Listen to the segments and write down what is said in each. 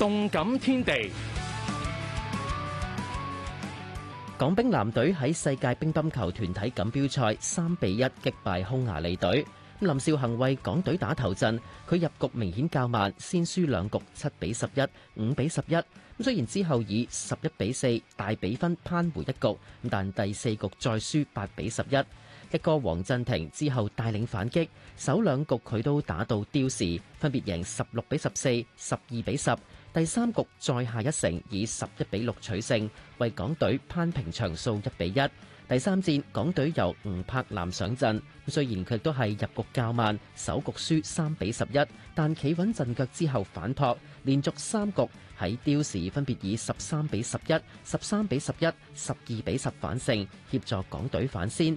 動感天地，港乒男隊喺世界乒乓球團體錦標賽三比一擊敗匈牙利隊。咁林少恒為港隊打頭陣，佢入局明顯較慢，先輸兩局七比十一、五比十一。咁雖然之後以十一比四大比分扳回一局，咁但第四局再輸八比十一。一個黃振廷之後帶領反擊，首兩局佢都打到刁時，分別贏十六比十四、十二比十。第三局再下一城，以十一比六取勝，為港隊攀平場數一比一。第三戰，港隊由吳柏南上陣，雖然佢都係入局較慢，首局輸三比十一，但企穩陣腳之後反撲，連續三局喺刁時分別以十三比十一、十三比十一、十二比十反勝，協助港隊反先。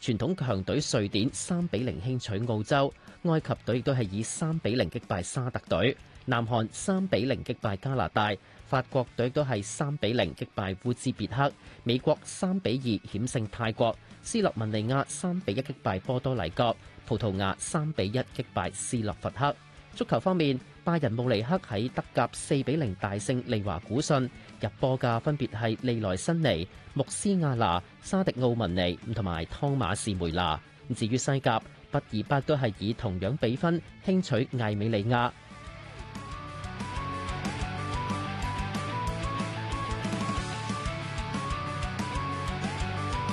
傳統強隊瑞典三比零輕取澳洲，埃及隊亦都係以三比零擊敗沙特隊，南韓三比零擊敗加拿大，法國隊都係三比零擊敗烏茲別克，美國三比二險勝泰國，斯洛文尼亞三比一擊敗波多黎各，葡萄牙三比一擊敗斯洛伐克。足球方面，拜仁慕尼克喺德甲四比零大勝利華古遜，入波嘅分別係利萊辛尼、穆斯亞拿、沙迪奧文尼同埋湯馬士梅拿。至於西甲，畢爾巴都係以同樣比分輕取艾美利亞。